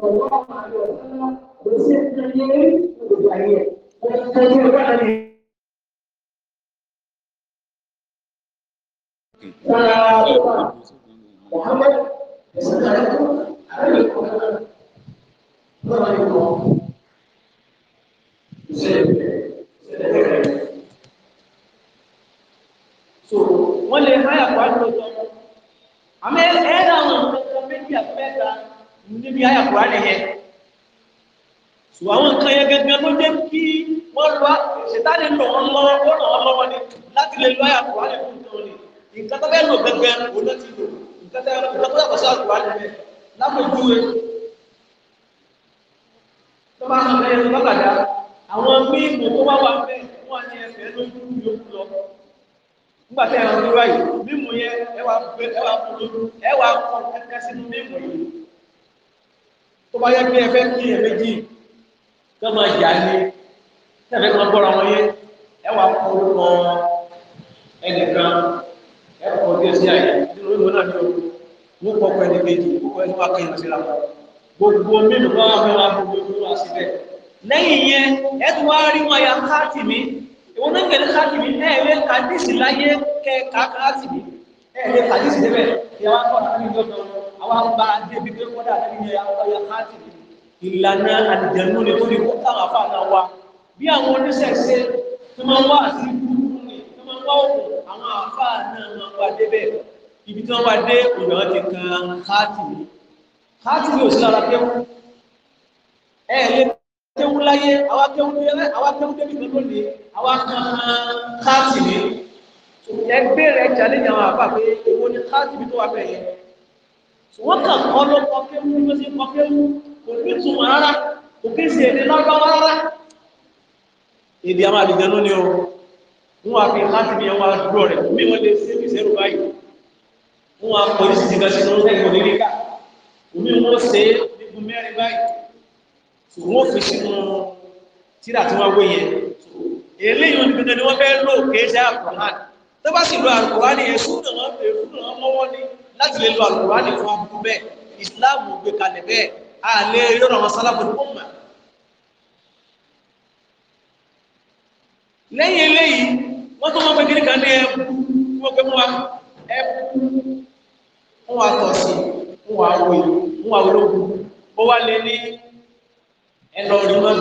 sallallahu alaihi wasallam bersiap sendiri untuk bahaya. Muhammad ẹ̀tún wá rí wọn ya kátìmí ìwọ́n náà kẹ́lẹ́ kátìmí ẹ̀ẹ́lẹ́ kàdísì láyé kẹ́ẹ̀ká kátìmí ẹ̀ẹ́lẹ́ kàdísì lẹ́bẹ̀ ìyàwó akọ́ta ní ìjọ́jọ́ àwọn àgbà débi pé kọ́dà ní ni tó ní kó táwọn afá náà wá bí àwọn àti ni tó máa ń wá òkú àwọn afá náà máa wá débẹ̀ ibi tí wọ́n bá dé òyìnbó ti kan kátìmí kátìmí ò sí lára pé ẹ̀ kéwú láyé àwa kéwú débi àwa kéwú débi kan lónìí àwa kan káàtì ni. ẹgbẹ́ rẹ̀ jàlejò àwọn àbá pé èwo ni káàtì bí tó wà bẹ̀ yẹn. wọ́n kàn kọ́ ló kọ́ kéwú ló ti kọ́ kéwú kò ní túmọ̀ rárá kò kí n sì èdè lọ́gbọ́n rárá. èdè àwọn àdìjẹ ló ní o wọn wá fi káàtì bí wọn wá dúró rẹ mí wọn lè ṣe ìṣe ẹrù báyìí wọn wá pọ̀ ní sísìkà sínú ẹgbẹ̀rún níríkà so wọ́n fi sínú tíra tí wọ́n wé yẹn eléyìí oníbi náà ni wọ́n fẹ́ lò kéésì àkùrán tó bá sì lo àkùrán yẹn súnà wọn fẹ́ fún wọn mọ́wọ́ ní láti lè lo àkùrán fún ọmọ bẹ́ẹ̀ Islam gbé kalẹ̀ bẹ́ẹ̀ àlẹ́ yọ̀rọ̀ àwọn sálábù ní mọ̀mọ́ lẹ́yìn eléyìí wọ́n tó wọ́n pẹ́ kiri kan ní ẹ̀kú wọ́n pẹ́ mú wa ẹ̀kú wọ́n wà tọ̀ sí wọ́n wà wòye wọ́n wà wọ́lọ́gùn ó wá lé ẹ lọ rí wọn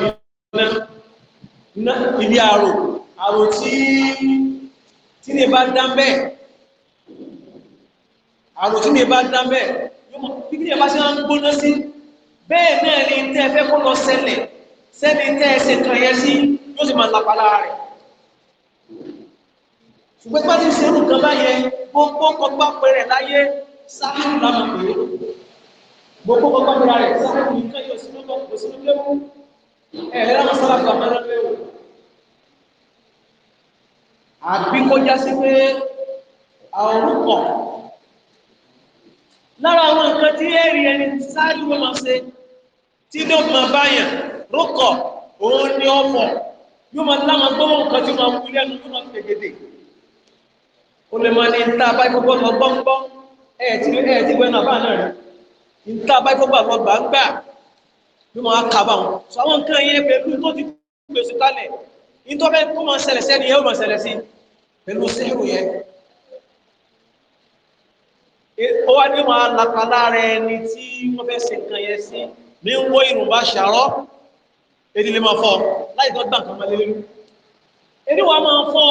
bí ibi àrò àrò tí tí ní bá dá bẹ́ẹ̀ àrò tí ní bá dá bẹ́ẹ̀ bí ní bá ṣe ń gbóná sí bẹ́ẹ̀ náà ni tẹ́ ẹ fẹ́ kó lọ ṣẹlẹ̀ sẹ́ni tẹ́ ẹ ṣe kàn yẹn sí yóò sì máa lápá lára rẹ̀ ṣùgbọ́n pátí ṣerú kan báyẹn gbogbo kọgbà pẹ̀rẹ̀ láyé sáà lámọ̀ gbogbo gbogbo mìíràn rẹ̀ sáfẹ́kù nìkan yóò sínú bọ́ kò ewu léwu ẹ̀rẹ́ àwọn sálábà mẹ́rẹ́ léwu. àbí kó já sí pé àwọn orúkọ lára àwọn nǹkan tí ẹ̀rí ẹni ṣáájú ma máa ṣe tí ló mọ báyàn rúkọ òun ni ọmọ yóò máa láwọn nta báyìí kó gbàgbọ́ gbà ń gbà bí wọ́n á kàbà wọn sọ àwọn nǹkan yẹn pẹ̀lú tó ti gbèsè kalẹ̀ nítorí kó máa ṣẹlẹ̀ sẹ́ni yẹn ó máa ṣẹlẹ̀ sí pẹ̀lú sẹ́rù yẹn ó wá ní máa lapa lára ẹni tí wọ́n fẹ́ ṣe nǹkan yẹn sí ní ń wó irun bá ṣàrọ́ èdè lè máa fọ́ láì tó gbà kan máa lé lórí èdè wa máa fọ́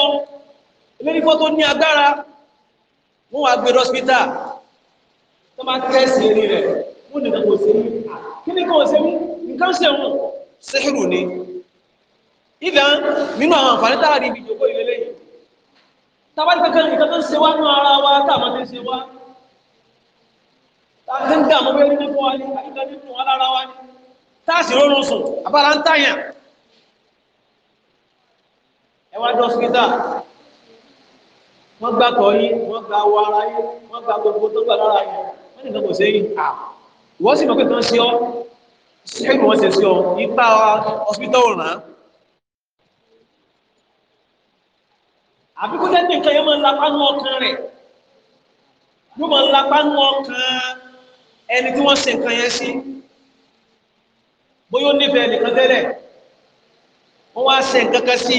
lórí fọ́ tó ní agbára wọ́n wá gbé hospital tó máa tẹ̀sí eré rẹ̀ ó nìkan kò ṣe mí kí ni kò ṣe mí nǹkan ṣe wọn sẹ́hìrù ni ìdá nínú àwọn àǹfààní tára ní ibi ìjòkó ilé lẹ́yìn tábàdì kankan nǹkan tó ń ṣe wá nú ara wa táàmà tó ń ṣe wá táàmà tó ń dààmú bẹ́ẹ̀ nínú fún wa ní àyíká nínú wa lára wa ní wọ́n gbà kọ́ wọ́n gbà wọ ara yín wọ́n gbà gbogbo tó gbà lára yín wọ́n nìkan kò sẹ́yìn àwọn wọ́n sì mọ̀ pé tán ṣe ọ́ ṣẹ́gun wọ́n ṣe sí ọ ipá hospital ràn án àbí kó jẹ́ nìkan yẹn máa ń lapá nú ọkàn rẹ̀ yóò máa ń lapá ọkàn ẹni tí wọ́n ṣe nǹkan yẹn sí bóyá nífẹ̀ẹ́ nìkan tẹ́lẹ̀ wọ́n wá ṣe nǹkan kan sí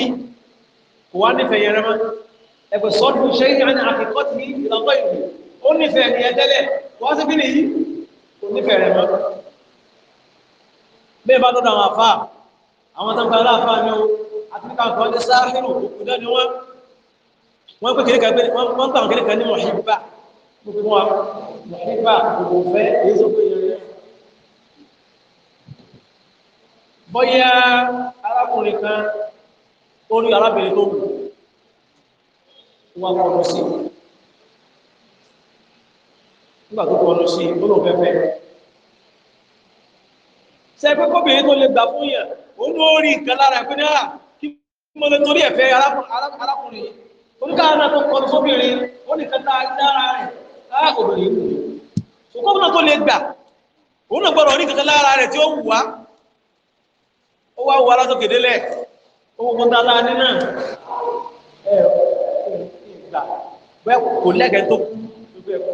kò wá nífẹ̀ẹ́ yẹn rẹ mọ́ ẹgbẹ́ ṣẹ́yìn àti àfikọ́ ti ìlànà ìlú ó nífẹ̀ẹ́ nìyẹn tẹ́lẹ̀ wọ́n sì bí nìyí kò ní bẹ̀rẹ̀ mọ́ bẹ́ẹ̀ bá tọ́jú àwọn àfáà àwọn tó ń gba aláàfáà ni ó àtúnkà kan ní sáàrínù òkú náà ni wọ́n wọ́n pè kékeré pé wọ́n gbà wọn kékeré ní mọ̀híbà gbogbo wa mọ̀híbà gbogbo fẹ́ èyí tó gbé yẹn bọ́yá arákùnrin kan ó rí arábìnrin tó wù wọ́n kọ́ ọ lọ sí i nígbà tó kọ́ ọ́nù sí i ó lóun fẹ́ fẹ́ ṣe pé kóbìnrin tó lè gbà fún yàn òun ló rí nǹkan lára ẹ̀pẹ́ náà kí mo lè torí ẹ̀fẹ́ arákùnrin yìí oníkàá náà tó kọ́ sóbìnrin ó ní kẹta lára rẹ̀ á obìnrin yìí wù ṣùgbọ́n náà tó lè gbà òun náà gbọ́dọ̀ rí nǹkan lára rẹ̀ tí ó wù wá ó wá wù alásòkè délẹ̀ ó wù kọ́ta láàrin náà ẹ̀ ẹ̀ gbà bẹ́ẹ̀ kò lẹ́gẹ̀ẹ́ tó kú gbogbo ẹ̀ kú.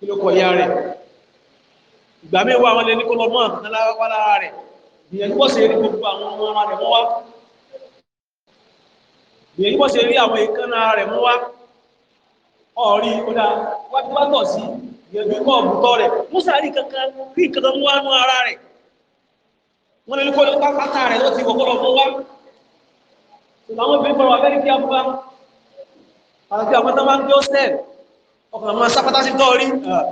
kí ló kọ ìyá rẹ̀ ìgbà míì wá àwọn ẹni kó lọ mọ́ aláwọ̀ lára rẹ̀ ìyẹn kó ṣe rí gbogbo àwọn ọmọ ara rẹ̀ mọ́ wá ìyẹn kó ṣe rí àwọn èékánná rẹ̀ mọ́ wá ọ̀rí ọ̀dà wákìwátọ̀ sí ìyẹ̀dù ikọ̀ ọ̀bùtọ̀ rẹ̀ musa rí kankan rí kankan mú wánú ara rẹ̀ wọ́n lè lókọ́ lọ́pàá pátá rẹ̀ lọ́ti wọ́pọ̀lọ́ mú wá ṣùgbọ́n àwọn obìnrin fọwọ́ abẹ́rẹ́ kí a mú wá àwọn àwọn tó máa ń gbé ó sẹ́ẹ̀ ọkàn máa sápátá sí tọ́ọ̀rí ah.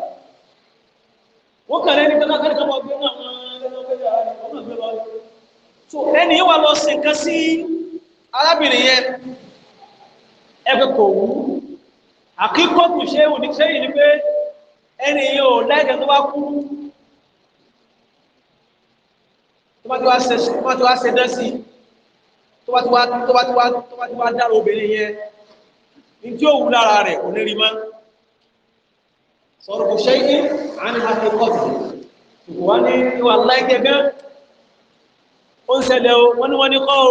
wọ́n kàn lẹ́ni tọ́lá kẹ́lẹ́ kọ́mọ gbé náà wọ́n gbé so ẹni yóò wá lọ sí nǹkan sí arábìnrin yẹn ẹgbẹ́ kò wú àkíkọ́ kù ṣe é òní sẹ́yìn ni pé ẹni yẹn ò láìka tó bá kú tó bá ti wá ṣe dán sí ní tí sọ̀rọ̀ kò ṣe é àní àti kọ́ọ̀tù wà ní ìwà láìkẹ́ gan ó ń ṣẹlẹ̀ o wọ́n ní wọ́n ní kọ́ o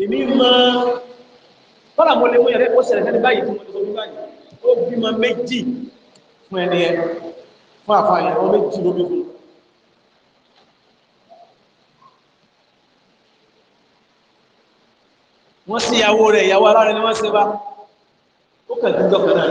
èmi mọ kọ́là mo lè mú yẹrẹ ó ṣẹlẹ̀ sẹ́ni báyìí fún ọdún báyìí ó bímọ méjì fún ẹni ẹ fún wọ́n sí ìyàwó rẹ̀ ìyàwó ara rẹ̀ wọ́n ṣe bá ó kàn dúdọ́ náà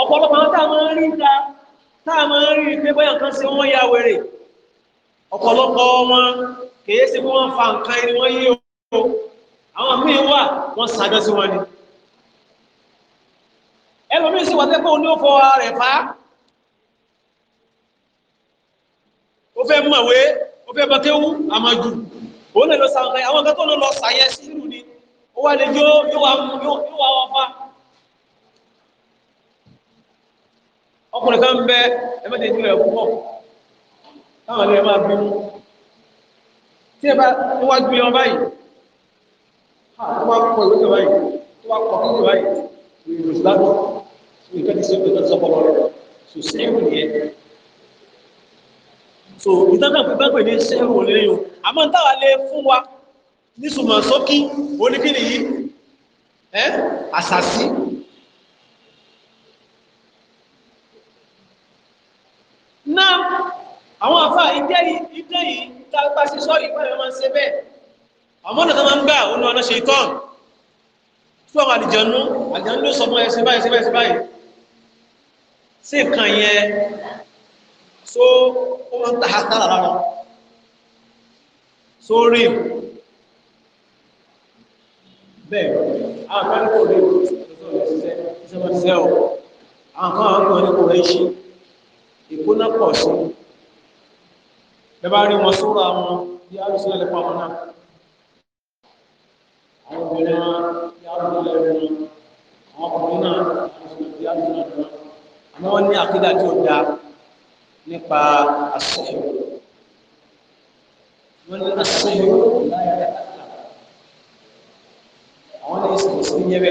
ọ̀pọ̀lọpọ̀ àwọn táà máa ń rí ta táà máa ń rí pé bóyá nǹkan ṣe wọ́n ya wèrè ọ̀pọ̀lọpọ̀ wọn kìí ṣe bí wọ́n fa nǹkan ẹni wọ́n yí o àwọn míì wà wọ́n sàdọ́ sí wọn ni ẹlòmíì sì wà tẹ́kọ̀ ní ó fọ ara rẹ̀ fa ó fẹ́ mọ̀wé ó fẹ́ bọ́tẹ́wú àmọ́jù òun lè lọ sa nǹkan àwọn kan tó lọ sàyẹ sí ìlú ni ó wà lè jó yóò wà wọn fa ọkùnrin kan bẹ ẹmẹ́tẹ̀ ìdílé ẹ̀ púpọ̀ táwọn ẹlẹ́yẹ máa bínú tí ẹ bá tó wá gbé ọ báyìí tó ah, wá kọ ìwé báyìí tó wá kọ kíkọ báyìí ìwé ìgbàgbọ́ ìwé ìkẹ́kẹ́ sí ìwé ìkẹ́kẹ́ sọ́kọ́ lọ́rọ̀ é sẹ́yìn nìyẹn so ìtàkàpẹ́ ní sẹ́yìn lẹ́yìn o àmọ́ táwa lè fún wa ní sùmọ̀ sókí oníkìnìyí ẹ́ àṣàṣì ìdẹ́ yìí ìdẹ́ yìí tá a bá ṣe sọ́ọ̀rì ìpá ìwọ́n máa ń ṣe bẹ́ẹ̀ àmọ́ ọ̀nà tó máa ń gbà ó ní ọ̀nà ṣe tán tí wọ́n àlìjẹ̀nu àlìjẹ̀nu ló sọ mọ́ ẹ ṣe báyìí ṣe báyìí ṣe báyìí sí nǹkan yẹn so ó máa ń tà á tààrà lára so rí bẹ́ẹ̀ àwọn kan kò rí ìṣẹ́ ìṣẹ́ ìṣẹ́ ọ̀ àwọn kan àwọn kan ní kò rẹ́ ṣe ìkóná pọ̀ sí i ẹ bá rí wọn sóra wọn bí a lè sílẹ̀ lẹ́pọ̀ àwọn náà àwọn obìnrin wọn bí a lè sílẹ̀ lẹ́pọ̀ wọn àwọn ọkùnrin náà bí a lè sílẹ̀ lẹ́pọ̀ wọn àmọ́ wọn ní àkídà tí ó da nípa àṣẹyọ wọn ní àṣẹyọ láyà rẹ àwọn ní ìsìnkú ní yẹbẹ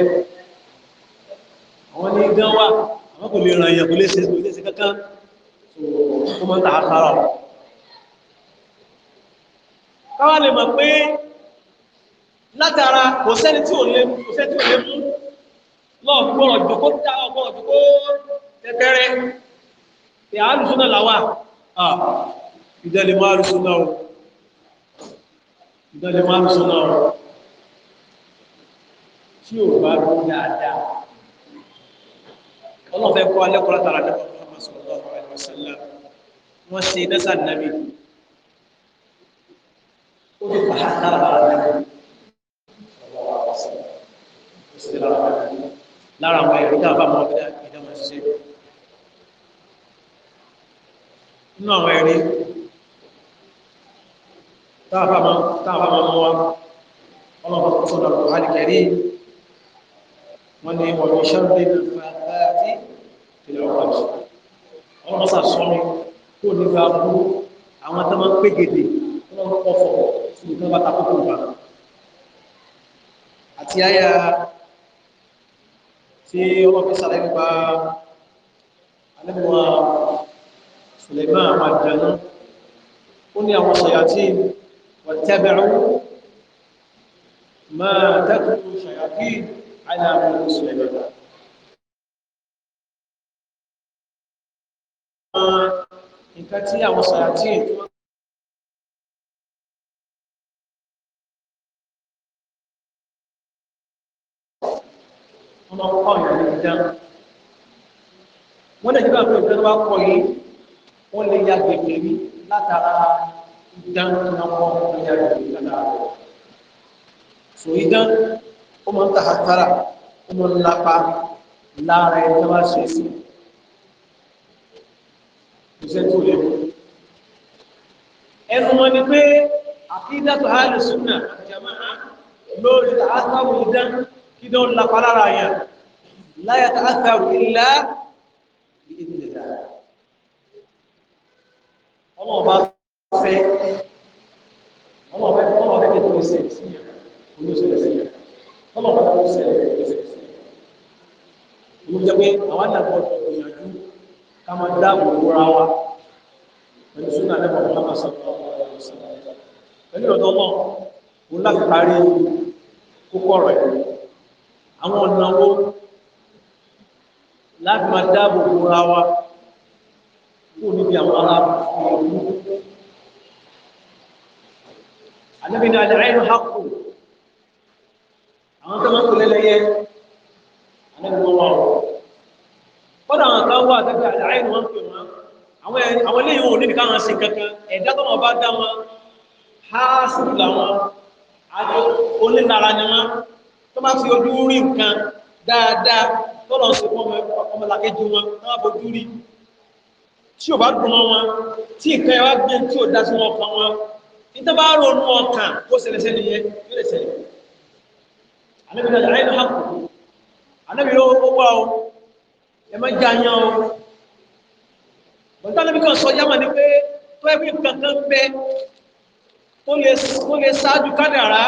àwọn ní gánwà àwọn kò lè ràn yàn kò lè ṣe kò lè ṣe kankan tó kọ́ mọ́ta àkàrà káwá lè mọ̀ pé látara kò sẹ́ni tí ò lè kò sẹ́ni tí ò lè mú lọ́ọ̀gbọ́n ọ̀dùnkó dá ọgbọ́n ọ̀dùnkó tẹ́tẹ́rẹ́ tí a lùsùn náà láwà ìdẹ́lẹ̀mọ́ alùsùn náà ìdẹ́lẹ̀mọ́ alùsùn náà tí ò bá rú dáadáa ọlọ́fẹ́ kọ́ alẹ́kọ̀ọ́ látara nípa Muhammad sallallahu alaihi wasallam wọ́n ṣe dẹ́sà nàbí ó ti pàṣẹ lára lára rẹ̀ lára àwọn ẹ̀rọ tá a bá máa fẹ́ ìdámọ̀ ṣiṣẹ́ nínú àwọn ẹ̀rí tá a bá máa mọ́ wa ọlọ́pàá tó sọ̀rọ̀ àwọn àdìkẹ̀rí wọ́n ní wọ́n ní ṣẹ́rùdé ní fàáfàáfí tìlẹ̀ ọ̀pàá ọlọ́pàá sàṣọ́ mi kó nípa burú àwọn tó máa ń pégede ọlọ́pàá pọ̀ fọ̀ọ̀ nǹkan bá takókò nǹkan àti àyà tí ọmọ fi sàlẹ̀ nípa alẹ́mọ̀ Suleiman àwọn àjànà ó ní àwọn ṣàyàtí wàtẹ́bẹ̀rún máa tẹ́kùn ṣàyàtí aláàmù Suleiman nǹkan tí àwọn ṣàyàtí tó máa ń kọ́ ìyàn níbi dán wọ́n lè jẹ́ àpò ìdán wá kọ́ yìí wọ́n lè ya gbègbè mi látara ìdán tó máa kọ́ wọ́n ya gbègbè látara rẹ̀ so ìdán ó máa ń ta àtàrà ó máa ń lapa lára ẹni tó bá ṣe é sí iṣẹ́ tó lè mú ẹnu wọn ni pé àkídàtò hálùsùnà àjàmáà lórí àtàwọn ìdán kí ló ń lapa lára yẹn. لا يتأثر إلا بإذن الله ọlọ́ọ̀bá fẹ́ ọlọ́ọ̀bá fẹ́ kí tó ṣe ìsìnyàn olóṣèlú ìsìnyàn ọlọ́ọ̀bá tó ṣe ìsìnyàn ìlú jẹ́ pé àwọn àdàpọ̀ ìyànjú ká máa dáàbò wúra wa pẹ̀lú súnà lẹ́kọ̀ọ́ Muhammad sallallahu alaihi wasallam pẹ̀lú ọ̀dọ́ náà òun láti parí kókó ọ̀rọ̀ ẹ̀ àwọn ọ̀nà wo láti máa dáàbò bo ara wa kó níbi àwọn aláàbò ìlú. Ànábì ní alẹ́ àìrò hapò àwọn tó máa ń pèlè lẹ́yẹ ànábì wọn wà wọ́n. Kọ́dà àwọn kan wà tẹ́tẹ́ alẹ́ àìrò wọn pè wọ́n. Àwọn àwọn eléyìí wọn ò káwọn sin kankan. Ẹ̀dá tó wọn bá dá wọn, háàsì làwọn, onílára ni wọn. Tó máa fi ojú rí nǹkan dáadáa tọ́lọ̀ ń ṣe fún ọmọlàkejì wọn náà fojú rí tí ò bá dùn mọ́ wọn tí ìkan ẹwà gbé tí ò dá sí wọn ọkàn wọn nítorí bá ronú ọkàn ó ṣẹlẹ̀ ṣẹlẹ̀ yẹn yóò lè ṣẹlẹ̀ alẹ́bí náà ayé náà kù alẹ́bí ó wá o ẹ má jẹ́ àyàn o bọ̀dá alẹ́bí kan sọ yámà ni pé tó ẹbí kankan bẹ tó lè ṣáájú kádàrá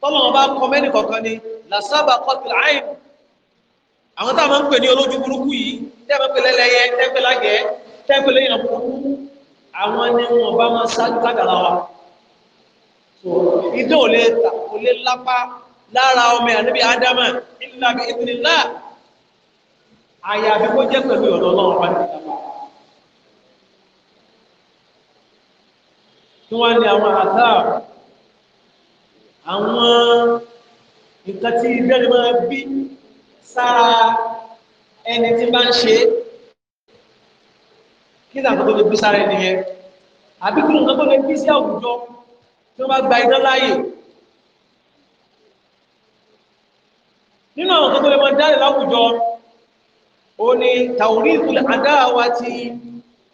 tọ́lọ̀ wọn bá kọ mẹ́nì kọ̀ọ̀kan ni làṣàbà kọ́tìlá àìmù àwọn táwọn máa ń pè ní olójú burúkú yìí tẹ́ máa ń pè lẹ́lẹ́yẹ tẹ́ pè lágẹ̀ tẹ́ pè lẹ́yìn burúkú àwọn ni wọn bá máa ṣáájú kádàrá wa ìdó ò lè ta ò lè lápá lára ọmọ ẹ̀ níbi ádámà ìlà ìdílá àyàfi kó jẹ́ pẹ̀lú ọ̀dọ̀ ọlọ́run wa nígbà wa. tí wọ́n ní àwọn àtà àwọn nǹkan tí ìbẹ́rẹ̀ máa bí sára ẹni tí bá ń ṣe kí ni àkókò tó bí sára ẹni yẹn àbí kí nǹkan tó lè bí sí àwùjọ tí wọ́n bá gba iná láàyè nínú àwọn kan tó lè máa dáre láwùjọ ó ní tawrithul adawati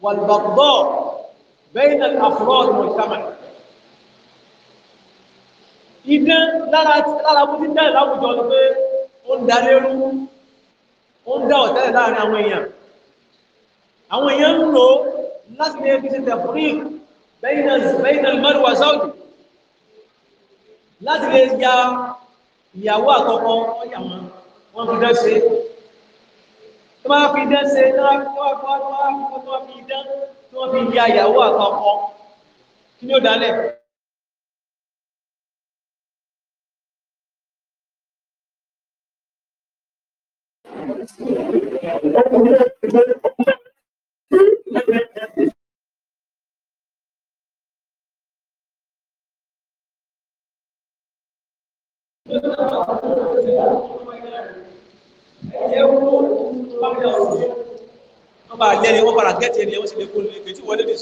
wal baghdha bayna al afrad wal mujtama' idán lára lára bó ti dáre láwùjọ ni pé ó ń darí ẹrú ó ń dá ọ̀tẹ́lẹ̀ láàrin àwọn èèyàn àwọn èèyàn ń lò láti lè fi ṣe tẹ̀fúrík bẹ́yìn almaru wa saudi láti lè ya ìyàwó àkọ́kọ́ ọ̀yà wọn wọ́n fi dán ṣe tó máa fi dán ṣe tó máa fi dán tó máa fi ya ìyàwó àkọ́kọ́ kí ni ó dálẹ̀ wọ́n bá jẹ́ni wọ́n padà gẹ́tì ẹni ẹwọ́n sì lè kó lè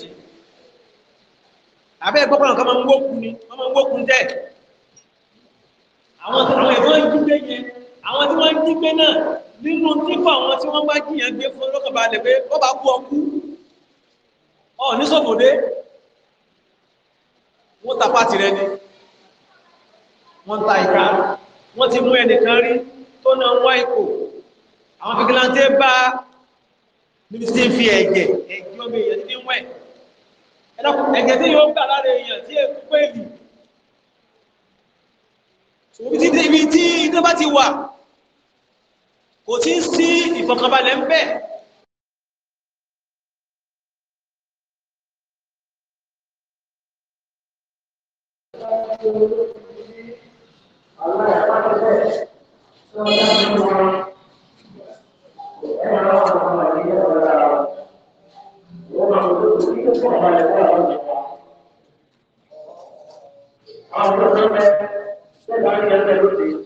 àbẹ́ gbọ́gbọ́n kan máa ń gbókun ni wọ́n gbókun tẹ́ àwọn ẹ̀fọ́n jígbé yẹn àwọn tí wọ́n jígbé náà nínú nípa àwọn tí wọ́n bá jìyàn gbé fún lọ́kàn balẹ̀ pé wọ́n bá kú ọkú ọ̀ ní sọ̀bọ̀dé wọ́n tapá ti rẹ ni wọ́n ta ìka wọ́n ti mú ẹnìkan rí tó náà ń wá ipò àwọn fìgìláńtẹ́ bá níbi tí ń fi ẹ̀jẹ̀ ẹ̀jẹ̀ ọmọ èèyàn ní wẹ̀ ẹ̀jẹ̀ tí yóò gbà kò tí ń sí ìfọ̀kànbalẹ̀ ń bẹ Thank you.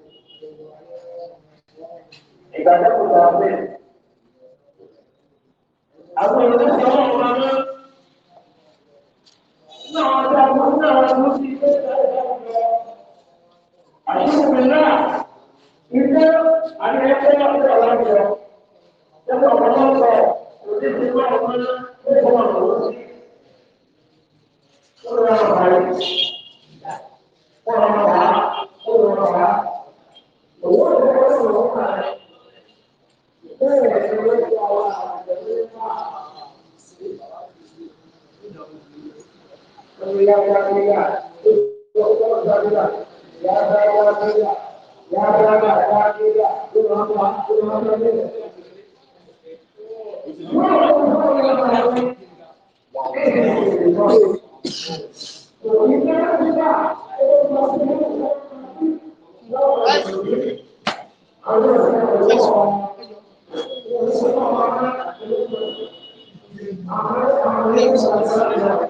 ìgbàgbọ́ kò tà pé àwọn èèyàn ti ọ̀rọ̀ wọn mọ́ nínú àwọn ọjọ́ àwọn nínú àwọn ọmọ sí ilé ìdájọ́ àyíkú mi náà ìgbẹ́ àyè ẹgbẹ́ ọ̀dọ́ lájọ ẹgbẹ́ ọ̀pọ̀lọpọ̀ òde ti bá ọmọ náà ó bọ̀ ọ̀rọ̀ sí. Wọ́n lọ́wọ́ báyìí. Wọ́n lọ́wọ́ क्रिया करेगा उसको करेगा या करेगा या करेगा या करेगा तुम हम तुम हम करेंगे तो इतना किया एक मस्ती हमारे सामने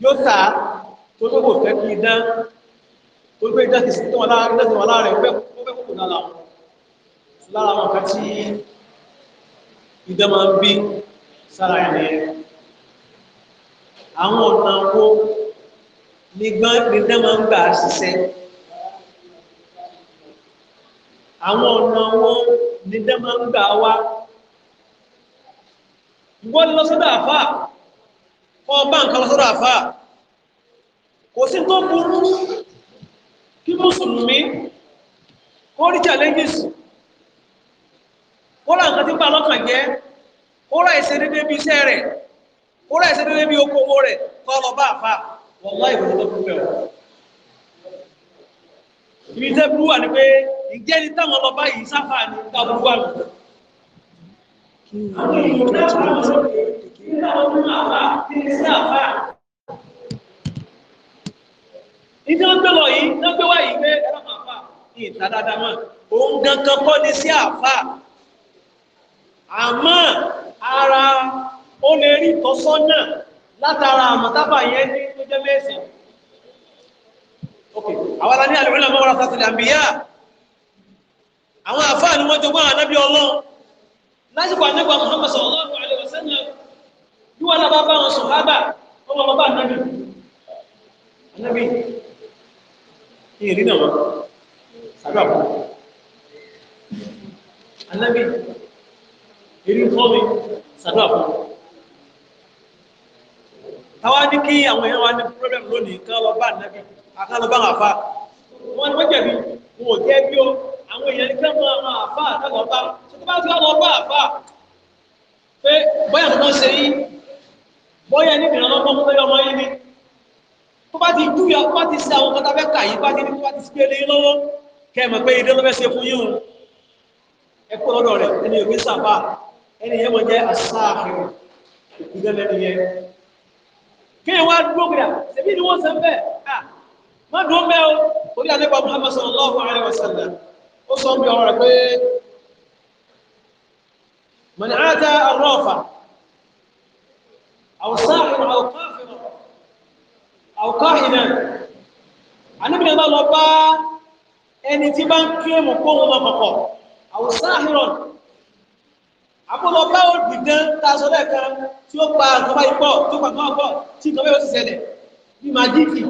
yóò tà á tó tó kò fẹ́ kí idán tó gbé idán ti sí tó wọn lára tó wọn lára rẹ̀ ó fẹ́ kókò lára wọn lára wọn kan tí idán máa ń bí sára ẹ̀ nìyẹn àwọn ọ̀nà wo ni idán máa ń gbà ṣiṣẹ́ àwọn ọ̀nà wo ni idán máa ń gbà wá ìwọ́n lọ sọ́dọ̀ àfáà kọ́ bá nǹkan lọ sọ́dọ̀ àfà kò sí tó burú kí mùsùlùmí kó rí challenges kó ra nǹkan tí ń bá lọ́kàn jẹ́ kó ra ìṣe dédé bí iṣẹ́ rẹ̀ kó ra ìṣe dédé bí okòwò rẹ̀ kọ́ lọ bá àfà wọ́n wá ìwé tó kú bẹ̀rù ibi tẹ́ burú wà ní pé ìjẹ́ ní táwọn lọ báyìí sáfà ní ká burú wà ní nígbà tó kún àbá kíni sí àbá. ìjọ ń tọ̀lọ̀ yìí ló gbé wáyé pé ẹ̀rọ àbá ní ìta dáadáa mọ́ òun gangan kọ́ ni sí àbá àmọ́ ara ó lè rí ìtọ́sọ́nà látara àmọ̀tábà yẹn ní tó jẹ́ mẹ́sìn. ok àwọn alání àlùmílà mọ́wọ́ra sátìlẹ̀ àbíyá àwọn àfáà ni wọ́n jogún àwọn anábì ọlọ́run lásìkò àjẹgbà Muhammad sallallahu bí wọ́n lábá bá wọn sùn lágbà wọ́n lọ́wọ́ bá ànábì ànábì ní ìrìnà wọn sàgbà bọ́ ànábì èrí fọ́ mi sàgbà bọ́ táwa ní kí àwọn èèyàn wa ní problem lónìí kí wọ́n lọ bá ànábì àkàlọ́ bá wọn àfa wọn ni wọ́n jẹ̀bi wọn ò jẹ́ bí ó àwọn èèyàn ní kẹ́mọ́ àwọn àfa àtàlọ́ba tó bá ti bá àfa pé báyà mọ́ ṣe yìí bọ́yá ní ìrànlọ́gbọ́n fún lórí ọmọ yìí ni tó bá ti dúyà tó bá ti sí àwọn kọta fẹ́ kà yìí bá ti ní tó bá ti sí pélé lọ́wọ́ kẹ́ẹ̀mọ̀ pé ìdánwò fẹ́ ṣe fún yín o ẹ kó lọ́dọ̀ rẹ̀ ẹni òwe sàbà ẹni yẹn wọ́n jẹ́ àṣàfihàn òkú Muhammad sallallahu alaihi wa sallam ó sọ ń bí أو ساحر أو كافر أو كاهنا Ànábì bá lọ bá ẹni tí bá ń kílèmù kóhun náà kọ̀kọ̀ àwọn sáhìrọ̀n àbúlọ bá ó dìdán tá a sọ lẹ́ẹ̀kan tí ó pa nǹkan báyìí pọ̀ tó pa nǹkan pọ̀ tí nǹkan báyìí ó sì ṣẹlẹ̀ ní màdíkì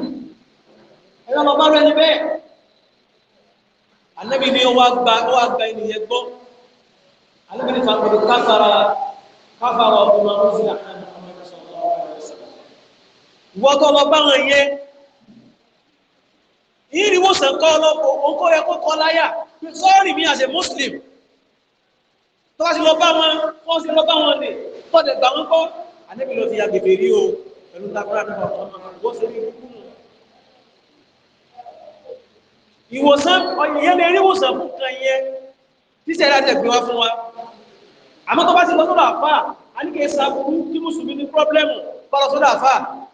ẹ̀rọ lọ bá rẹ̀ ní bẹ́ẹ̀ Ànábì ni ó wá gba ó wá gba ènìyàn gbọ́ Ànábì ni fàkùnrin káfàrà káfàrà ọ̀gbọ̀n ọ̀gbọ̀n sí àkànnà wọ́tọ́ lọ bá wọn yẹn ìrìnwòsàn kọ́ ọlọ́pọ̀ òun kọ́ yẹ kó kọ́ láyà sọ́ọ̀rì mi as muslim tó bá ti lọ bá wọn wọ́n ti lọ bá wọn lè tó dẹ̀ gbà wọn kọ́ àníbi lọ ti ya bèbè rí o pẹ̀lú takura nípa ọ̀tọ̀ wọ́n ṣe ní ikú mu. ìwòsàn ọ̀yẹ̀yẹ́ lè rí ìwòsàn fún kan yẹn tí sẹ́yìn láti ẹ̀gbìn wá fún wa àmọ́ tó bá ti lọ sọ́dọ̀ àfà àníkè sábú kí mùsùlùmí ní pírọ́blẹ́mù bá lọ sọ́dọ̀ àfà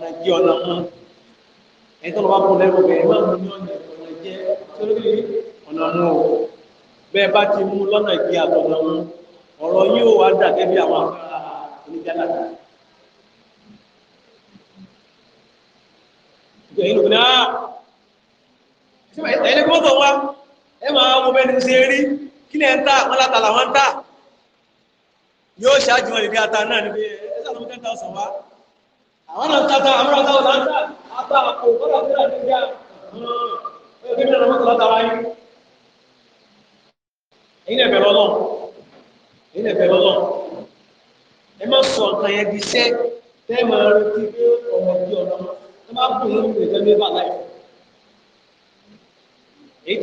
ọ̀nà jí ọ̀nà hàn ẹni tó lọ bá kún lẹ́rù bẹ̀rẹ̀ máa mú ní ọ̀nà ọ̀nà jẹ́ torí ọ̀nà hàn o bẹ́ẹ̀ bá ti mú lọ́nà jí àtọ̀nà hàn ọ̀rọ̀ yóò wá dà débi àwọn afárá oníjàlá ìgbẹ̀yìn lòdì náà ẹ̀lẹ́ kó tó wá ẹ máa wo bẹ́ẹ̀ ni ṣe rí kí lẹ́ ń tà wọn látàlà wọn ń tà yóò ṣáájú wọn níbi ata náà níbi ẹ̀ àwọn náà tata àwọn náà táwọn náà tà àtà àpò wọn náà tẹ̀lé àti ìjà ẹ kí ni àwọn tó láta wáyé. èyí náà bẹ̀rẹ̀ ọlọ́run èyí náà bẹ̀rẹ̀ ọlọ́run ẹ má sọ nǹkan yẹn di iṣẹ́ tẹ́ ẹ máa retí pé ọ̀rọ̀ bí ọ̀rọ̀ ẹ má bù yín lè tẹ́lẹ̀ bàlá yìí. èyí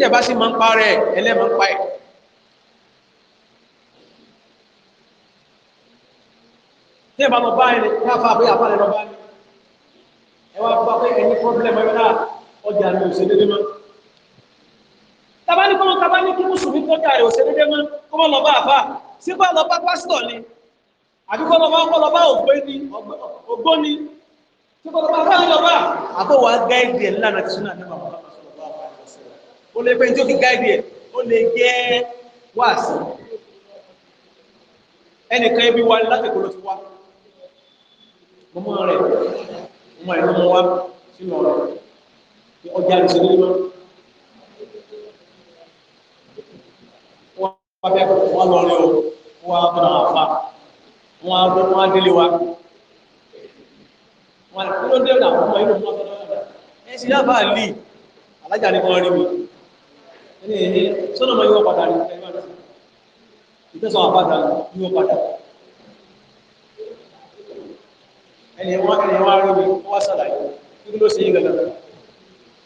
ní ìbá lọ bá ẹni káfà bí àfà lẹ́nu bá ní ẹwà bá pé ẹni pọ́blẹ́mù ẹ̀rọ ọjà rẹ̀ òṣèlú dé mọ́ tabani kọ́mọ tabani kí mùsùlùmí kọjá rẹ̀ òṣèlú dé mọ́ kọ́mọ lọ bá àfà sí bá lọ bá pásítọ̀ ni àbí kọ́lọ bá kọ́lọ bá ògbéni ògbóni tí kọ́lọ bá kọ́lọ lọ bá àbọ̀wá gáìdì ẹ̀ lánàá ti súnà nípa mọ́ ó lè pẹ́ ní tó fi gáìdì ẹ̀ ó lè jẹ́ wáàsí ẹnìkan ẹbí wa láti kò ló ọmọ rẹ̀ ọmọ rẹ̀ ló mọ wá sínú ọ̀rọ̀ ọjà àdìsẹ́ lórí mọ́. wọ́n wá bẹ́ẹ̀ wọ́n lọ rí o wọ́n wá bọ́dọ̀ wọ́n fa wọ́n á bọ́ wọ́n á délé wa. wọ́n á kúrò dé ọ̀dà fún ọmọ yìí ló mọ́ ọ̀dọ̀ ẹ̀ sì yá bá a lì alájà ni wọ́n rí mi. sọ́nà ọmọ yìí wọ́n padà rí ìtẹ́sán àpáta yìí wọ́n padà rí. ẹni wọ́n ẹni wọ́n arọ́ mi ó wá sàlàyé kí ló ṣe yí gàgà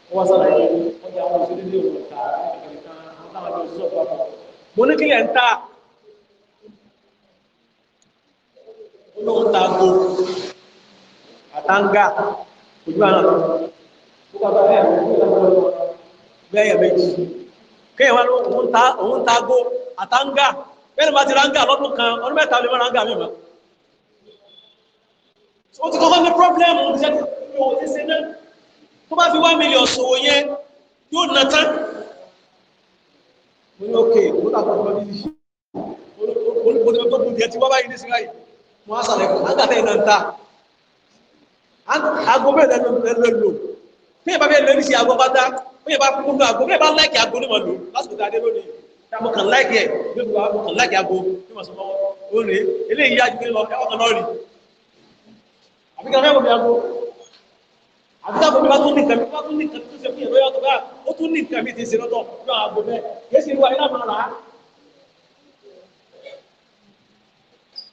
ó wá sàlàyé wọ́n jẹ́ àwọn òṣèlú ilé òun ta ẹnìkan kan ń ta olóhùn go àtàǹgà ojú àná lọ ó bá bá bẹ́ẹ̀ bẹ́ẹ̀ yẹ méjì kéèyàn wá lóhùn ta ta go àtàǹgà bẹ́ẹ̀ ni bá ti ráńgà lọ́dún kan ọdún mẹ́ta lè má ráńgà mi ó ti kọ́kọ́ ní pọ́blẹ́mù ó ti ṣe owó ti ṣe náà tó bá fi wá mílíọ̀n ṣòwò yẹn yóò nà tán mo ní òkè mo ní àgbàdo lọ níbi mo ní ọgbọ́n gbòdì ẹ ti wá báyìí ní sinmi mo á sàlẹ̀ kàn ágàtà iná ń ta aago mẹ́rin lẹ́nu lò bí ẹ bá fẹ́ lọ ní sí aago bá dá bí ẹ bá kún fún aago bí ẹ bá láìkì aago ní mo lò lásìkò tá a dé lónìí tí a mọ̀ kàn láìkì ẹ̀ bí mo kàn láìkì aago ní mo sọ fọwọ́ ó rèé eléyìí yá ju kí ni lọ ẹ àbí kan náà kò bí aago àti táàbù mi bá tún ní kàmí bá tún ní kàmí tó ṣe fún ìròyìn ọ̀tọ̀ bá ó tún ní kàmí ti ṣe lọ́tọ̀ yọ aago bẹ́ẹ̀ yéé ṣe wá iná máa rà á.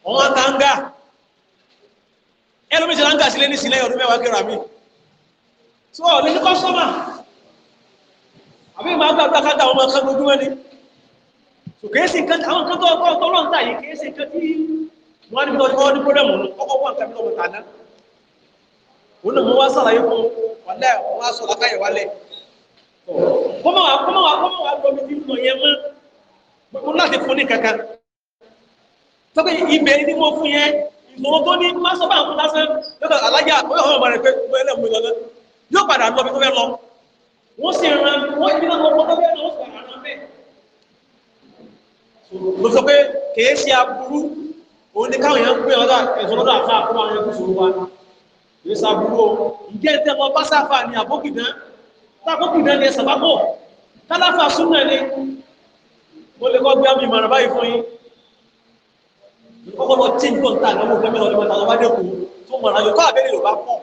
ọ̀hún kànga ẹlòmíì ṣe láǹkà sílé ní sílẹ̀ ọdún mẹ́wàá kẹrọ àmì tí wọ́n ní kọ́sọ́mà àbí màá gbàgbà káta àwọn ọmọ kan gbogbo ẹni kèésì nǹkan àwọn nǹkan tó ọkọ̀ ọ̀tọ̀ lọ́ntà yìí kèésì nǹkan tí wọ́n ní bí wọ́n ní pọ́lẹ́mù ọkọ̀ wọn kàmí lọ́mọ tàná òun náà mo wá sàlàyé fún wàlẹ́ òun á sọ lákàyè wálẹ̀ kọ́mọ̀ wá kọ́mọ̀ wá kọ́mọ̀ wá lọ́bi tí mo yẹn mọ́ gbogbo láti fún ní kankan tọ́pẹ́ ibẹ̀ ni mo fún yẹn ìṣòro tó ní má sọ́bà ń fún lásán lọ́kọ̀ alájà ọ̀yọ́ ọmọ rẹ̀ pé gbogbo ẹlẹ́mú lọ́lọ́ yóò padà lọ́bi tó fẹ́ lọ wọ́n sì ran wọ́n ìdílé ọmọ tó fẹ́ lọ wọ́n sì rà rán bẹ́ẹ̀. mo sọ pé kèé ṣe aburú òun ni káwọn èèyàn ń pè ọ́ ìrìsàbúrò ǹjẹ́ tẹ́wọ́ bá sáfà ní àbókìdán tábókìdán ní ẹsẹ̀ pápọ̀ tálàfà súnmọ̀ ní mo lè kọ́ gbé àmì ìmọ̀ràn báyìí fún yín kọ́kọ́ lọ tí nǹkan tá àgbà mọ̀ fẹ́mi ọdún mẹ́ta lọ́wọ́ dẹ́kun tó mọ̀ ráyọ kọ́ àbẹ́lẹ̀ yorùbá pọ̀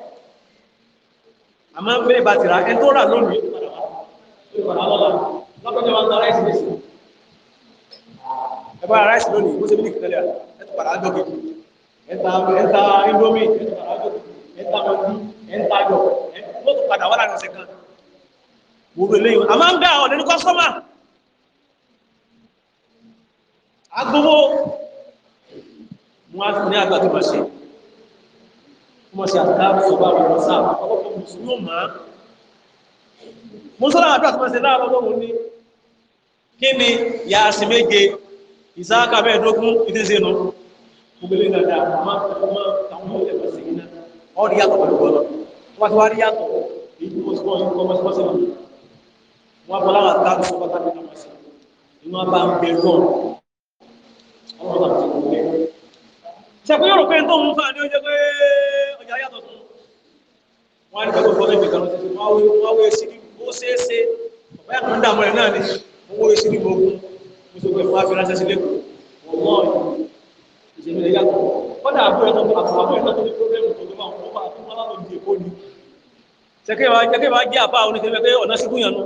àmọ́ fẹ́rẹ̀ bá ti ra ẹni tó rà lónìí lọ́kọ̀ọ́jọ́ máa ń ta ráìsì lẹ́sìn ẹ bá ráìsì lónìí bó ṣe bí nìkan lẹ́yà ẹ ti padà á jọ kejì ẹ ta indomie ẹ ti padà ẹ̀ ń ta ọtí ẹ̀ ń ta yọ ẹ̀ ń tó padà wà láàrin ọ̀sẹ̀ kan gbogbo eléyìí a máa ń gbà ọ̀dẹ́ ní kọ́sọ́mà agbowó wọn á fún ní àgbà tó máa ṣe wọ́n máa ṣe àtàkà sọ̀bà wọn lọ sáà ọkọ̀ mùsùlùmí ò máa ní ọmọ àwọn ọmọ ìjọba wọ́n rí yàtọ̀ pẹ̀lú gbọ́dọ̀ tó bá ti wá rí yàtọ̀ èyí tó ti wọ́n yóò kọ́ mọ́sí mọ́sí lọ́wọ́ wọn bọ́ láwọn àtàkù tó bá tábìlì náà mọ́sí inú abá ń bẹ lọ́n ọmọ náà ti kò bẹ. sẹ́kùn yóò rò pé nítorí fún àdéhùn jẹ́ pé ọjà yàtọ̀ tó wọ́n á ní pẹ̀lú fọ́lẹ́ ìgbẹ̀kan lọ́sẹ̀ wọ́n á wé sí ní ó ṣeéṣe ọ̀bá yàtọ̀ ń dààmú rẹ̀ náà ni owó èsì ní gbogbo mùsùlùmí fún afẹ́ránṣẹ́ sílé kù ọ̀wọ́n ìṣèlú ẹ̀yà kọ́dà àbúrò ẹ̀tọ́ àbúrò ẹ̀tọ́ tó ní pírọ́blẹ́mù àwọn ọba tó bá lọ di èkó ni jẹ́kẹ́ bá jẹ́ àbá oníkẹ́lẹ́ pé ọ̀nà sí gúnyànú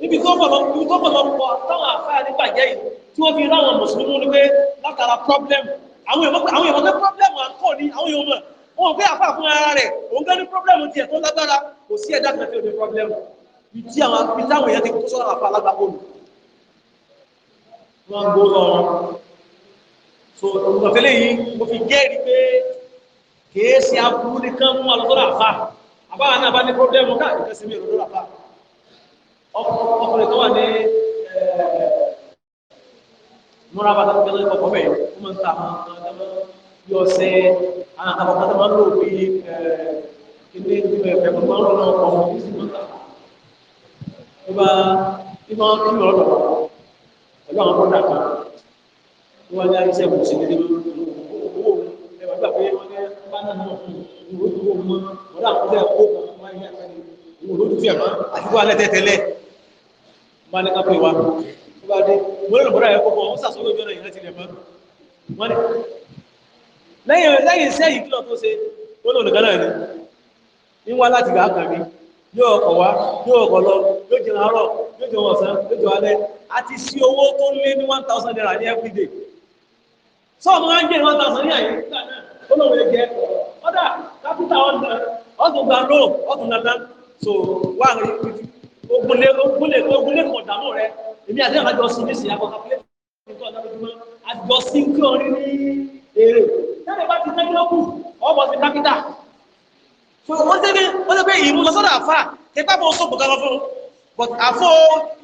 níbi tó pọ̀lọpọ̀ táwọn àfáà nígbà jẹ́ yìí tí wọ́n fi ráwọn mùsùlùmí ní pé látara problem àwọn èèmọ̀ pé problem àkọ́ ni àwọn èèmọ̀ wọn pé àfáà fún ara rẹ̀ òun gẹ́ ní problem tiẹ̀ tó lágbára kò sí ẹ̀dá kan tí ó ní problem bí tí àwọn èèyàn ti kó sọ́ra àfáà lágbàkóòlù wọ́n gbó lọ́rùn so ọ̀tẹ́lẹ̀ yìí mo fi jẹ́rìí pé kìí ṣe aburú nìkan mú alọ́dọ́rọ̀ àfa àbá àná àbá ní pọ́blẹ́mù ká ìkẹsí mi ìrọ̀lọ́rọ̀ àfa ọkùnrin tó wà ní múra bàtà tó kẹlẹ́ ọkọ̀ bẹ́ẹ̀ ó máa ń ta àwọn ọmọ bí ọ̀sẹ̀ àwọn àtàwọn tó máa ń lò bí ilé ìgbìmọ̀ ẹ̀fẹ̀ tó máa ń rọ̀ ọkọ̀ ọmọ ìsìn máa ń ta ìbá ìmọ̀ ìmọ̀ ọ̀dọ̀ pẹ̀lú àwọn bọ́dà kan wọ́n dá iṣẹ́ kò sí nílé owó ẹ̀wọ̀n gbà pé wọ́n dẹ́ bá náà náà fún ìwé ìwé mọ́ wọ́n dà kúrẹ́ kó wọ́n yẹ ìwé olólùfẹ́ mọ́ àti kó alẹ́ tẹ́tẹ́lẹ̀ máa ní kápẹ́ wa tó bá dé wọ́n lè bọ́ra ẹ̀ kọ́kọ́ wọ́n sàṣọ́ lójú ọ̀nà ìrántí rẹ̀ mọ́ wọ́n ní lẹ́yìn lẹ́yìn iṣẹ́ yìí kílọ̀ tó ṣe ó lòlù kan náà ni ń wá láti gbà kàn mí yóò ọkọ̀ wá yóò ọkọ̀ lọ yóò jẹun àárọ̀ yóò jẹun ọ̀sán yóò jẹun alẹ́ àti sí owó tó lé ní one thousand naira ní everyday sọ ọmọ wọn jẹ ìwọ ta sọ ní àyè nígbà náà ó lóun lè jẹ ọdà kápítà ọdà ọdún róò ọdún dandan so wà á rí ibi ogunlé ogunlé ogunlé kan dààmú rẹ èmi àti àjọ sí ní ìsìn àkọkọ pé nǹkan ọ̀dà àjọ sí ń kí orin ní èrè tẹ́lẹ̀ bá ti tẹ́lẹ̀ lókù ọ̀bọ̀ sí kápítà so wọ́n tẹ́lẹ̀ wọ́n tẹ́lẹ̀ ìmú lọ sọ́dọ̀ àfà tẹ́pá bọ́ sọ̀bù kan lọ fún un but àfọ́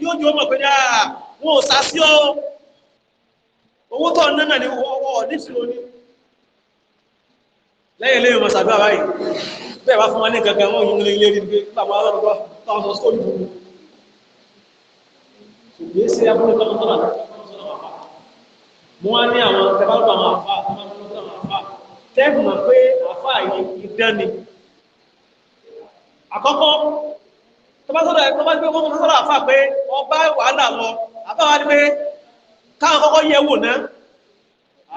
yóò di ọmọ pé dáa ah, wọn sí ọ́ owó tó ọ̀nà náà ni ọwọ́ nísìlò ní lẹ́yìn lẹ́yìn ọmọ sàdúrà báyìí bẹ́ẹ̀ bá fún wọn ní gangan wọn yìí nílé rí pé pàpà ọlọ́dọ̀ táwọn sọ sóòlù fún un ṣùgbọ́n sí abúlé tó ń tọ́nà mo wá ní àwọn tẹ́bálùbà àwọn àfà tẹ́gùn mọ̀ pé àfà yìí idán ni àkọ́kọ́ tọ́bá sọ́dọ̀ àfà pé ọba wàhálà lọ àbáwá ni pé káwọn kọ́kọ́ yẹ wò náà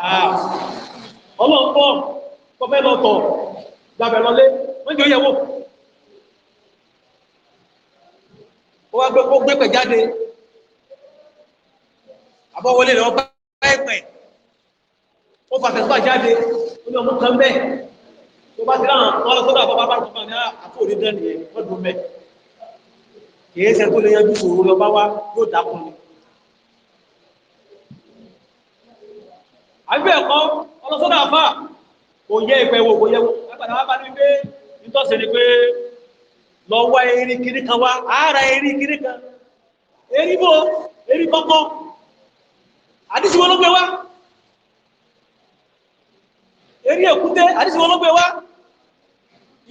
ah. ọlọ́pọ̀ kọfẹ́ lọ́tọ̀ gbàbẹ̀ lọlé wọ́n jẹ́ yẹ̀wò ó wá gbé gbẹ́pẹ̀ jáde àbọ̀wọlé lọ bá ẹ̀pẹ̀ ó fàtẹ̀síwá jáde ó ní ọmọ kan bẹ́ẹ̀ tó bá ti ráhàn ah, wọn lọ sọ́dọ̀ àbọ̀bá bá ní àpò àgbẹ̀ ẹ̀kọ́ ọlọ́sọ́dà àfà kò yẹ ìpẹ́ wo kò yẹ wo ẹgbàdàn wá bá ní pé nítọ́sí ni pé lọ wá eré kiri kan wá ara eré kiri kan eré bò eré kọ́kọ́ àdísìwọ́ ló gbé wá eré èkúté àdísìwọ́ ló gbé wá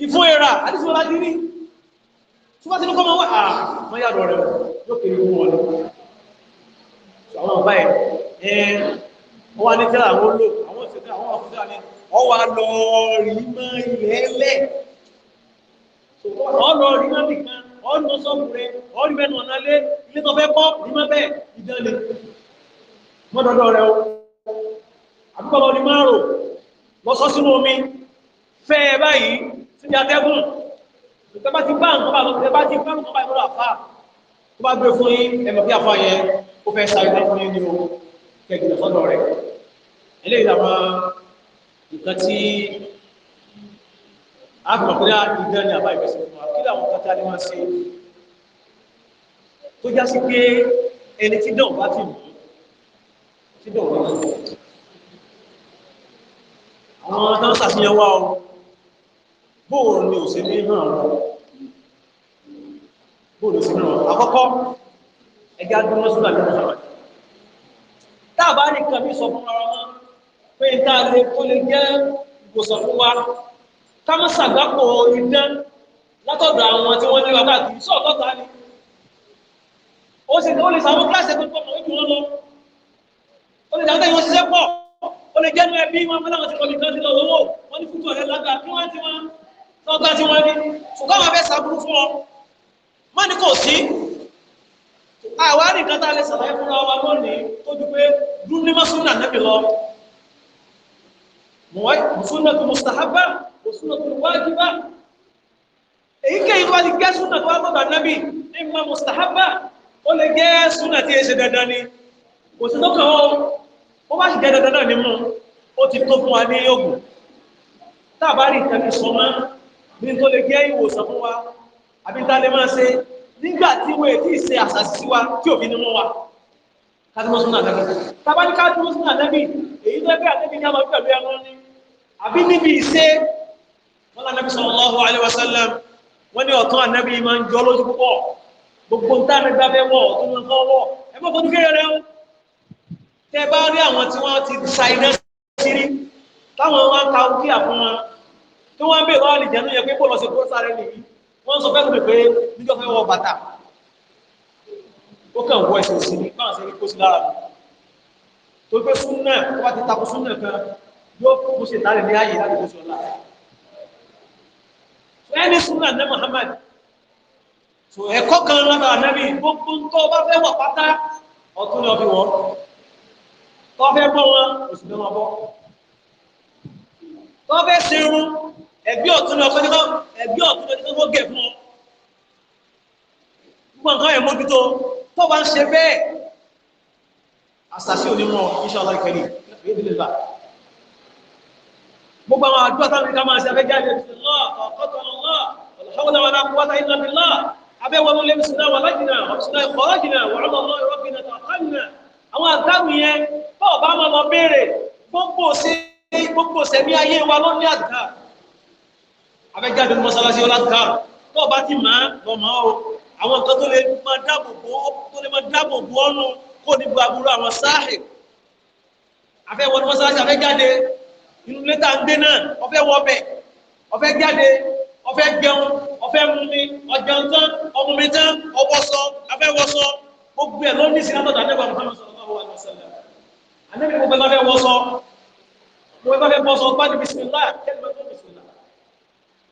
ìfún ẹ̀rà àdísìwọ́ láti rí tí wọ́n ti ní kọ́ máa wá àmọ́yàdọ̀ rẹ̀ yóò kéré fún wọn lọ àwọn ọ̀bá ẹ̀ wọ́n ní tẹ́lá àwọn olò àwọn ìṣẹ̀dá àwọn àfúdá ni wọ́n wá lọ rí mọ́ ilẹ̀ ẹlẹ̀ wọ́n lọ rí mọ́ nìkan wọ́n lọ sọ́ọ̀bù rẹ̀ wọ́n rí mẹ́nu ọ̀nà lé ilé tó fẹ́ kọ́ ní mọ́ bẹ́ẹ̀ ìdánlẹ̀ mọ́dọ̀dọ̀ rẹ̀ o àbúkọ lọ ní márò lọ sọ sínú omi fẹ́ ẹ báyìí síbi atẹ́gùn ìtẹ́ bá ti bá nǹkan bá lọ́tẹ́ bá ti bá nǹkan bá ìlú àfà tó bá gbé fún yín ẹ̀mọ̀ bí àfà yẹn ó fẹ́ sáré fún yín o kẹgbìnà fọ́dọ̀ rẹ̀ eléyìí làwọn nǹkan tí a kàn pé ìdán ní àbá ìgbésẹ̀ fún wa kí làwọn nǹkan tá a lè máa ṣe tó já sí pé ẹni tí dán bá ti mú tí dán bá mú àwọn tán ṣàfihàn wá o bóòrùn ni òṣèlú náà rọ bóòrùn òṣèlú náà àkọ́kọ́ ẹgbẹ́ adúmọ́sùn àti táàbá nìkan mi sọ fún ara wọn pé tá a lè kó lè jẹ́ ìwòsàn fún wa ká má ṣàgbápò idán látọ̀dọ̀ àwọn tí wọ́n lé wa káàkiri sọ ọ̀tọ̀ta ni ó sì ó lè sàwọn kíláàsì ẹgbẹ́ pọ̀ mọ́ ìdúró lọ ó lè sàwọn tẹ̀yìn ṣiṣẹ́ pọ̀ ó lè jẹ́nu ẹbí wọn fẹ́ láwọn ti kọ̀ọ̀kì kan ti lọ lọ́wọ́ wọn ní fútó rẹ lágbà kí wọ́n ti wọn tọ́gbà tí wọ́n ní ṣùgbọ́n wọn fẹ́ sàbúrú fún ọ mọ́ ni kò sí nǹkan tá a lè ṣàlàyé fúnra wa lónìí tó ju pé dúró ní mọ́súnà nẹ́bí lọ mọ́súnà tó mustahaba mọ́súnà tó wájibá èyíkéyìí wá ti gẹ́ súnà tó wá bọ́bà nẹ́bí ní ma mustahaba ó lè gẹ́ súnà tí ẹ ṣe dandan ni kò sí tó kàn ó ó bá sì jẹ́ dandan náà ní mú ó ti tó fún wa ní ogun tá a bá rí ìtẹ́lẹ̀ sọmọ́ ní tó lè gẹ́ ìwòsàn fún wa àbí tá a lè máa ṣe nígbà tí wọ́n èdè ìṣe àṣàṣì wa tí òfin ni wọ́n wà kádúmọ́ súnà lẹ́bí tàbá ní kádúmọ́ súnà lẹ́bí èyí tó ẹgbẹ́ àtẹ́bí ní àwọn pẹ̀lú ẹran ní àbí níbi ìṣe wọn lọ nẹ́bí sallallahu alaihi wasallam wọn ní ọ̀tún ànẹ́bí máa ń jọ lójú púpọ̀ gbogbo ń tàn nígbà bẹ́ wọ̀ ọ̀tún ní kọ́ wọ̀ ẹ mọ́ fojú tí wọ́n ti sa iná sírí táwọn wọn ka òkè àfún wọn tí wọ́n sọ fẹ́ẹ́ pé níjọ́ fẹ́ wọ bàtà ó kàn wọ ẹ̀sẹ̀ sí ní báwọn ṣe rí kó sí lára mi tó pé súnà tó bá ti takò súnà kan yóò kó ṣe tálẹ̀ ní ààyè láti kó sí ọ̀la ẹni súnà ní Muhammad tó ẹ̀kọ́ kan lábàá nábì gbogbo ń tọ́ bá fẹ́ wọ̀ pátá ọtún lọ fi wọ́ tọ́ fẹ́ bọ́ wọn òsì lọ́wọ́ bọ́ tọ́ fẹ́ ṣerun ẹ̀gbẹ́ ọ̀tún ni ọkọ nígbà ẹ̀gbẹ́ ọ̀tún ni ọkọ gẹ̀ fún ọ. gbogbo nǹkan ẹ̀ mójútó tó bá ń ṣe bẹ́ẹ̀ àṣàṣì onímọ̀ inshallah ìkẹlẹ̀ ìdílé bá. gbogbo àwọn àdúrà táwọn ìka máa ṣe abẹ́jẹ́ àjẹ́ bismillah ọ̀kọ́tọ̀ Allah la hawla wala quwwata illa billah abẹ́wọlú lé bisimilá wà lájìnà ọ̀bísìlá ẹ̀kọ́ lájìnà wàhálà ọ̀lọ́ ìrọ́bìnà tààkánìnà àwọn àdáhùn yẹn bọ́ọ̀ bá máa lọ béèrè gbogbo ṣe gbogbo ṣẹ̀mí ayé wa lọ́ní àdá abẹ́jáde ní mọ́sálásí ọlá kàrù tó bá ti máa lọ mọ́ o àwọn nǹkan tó lè máa dáàbò bò tó lè máa dáàbò bò ọ́nù kó ní gba aburú àwọn sáàhì afẹ́wọ́n ní mọ́sálásí abẹ́jáde inú létà ń gbé náà ọfẹ́ wọbẹ̀ ọfẹ́ jáde ọfẹ́ jẹun ọfẹ́ mumi ọjẹun tán ọmumi tán ọwọ́sọ afẹ́wọ́sọ ó gbé ẹ̀ lọ́ní sí látọ̀dọ̀ anẹ́gbà Muhammad sallallahu alaihi wasallam anẹ́gbà gbogbo ẹ̀ bá fẹ́ wọ́sọ gbogbo ẹ̀ bá fẹ́ bọ́sọ gbádùn bisimilá kẹ́lẹ́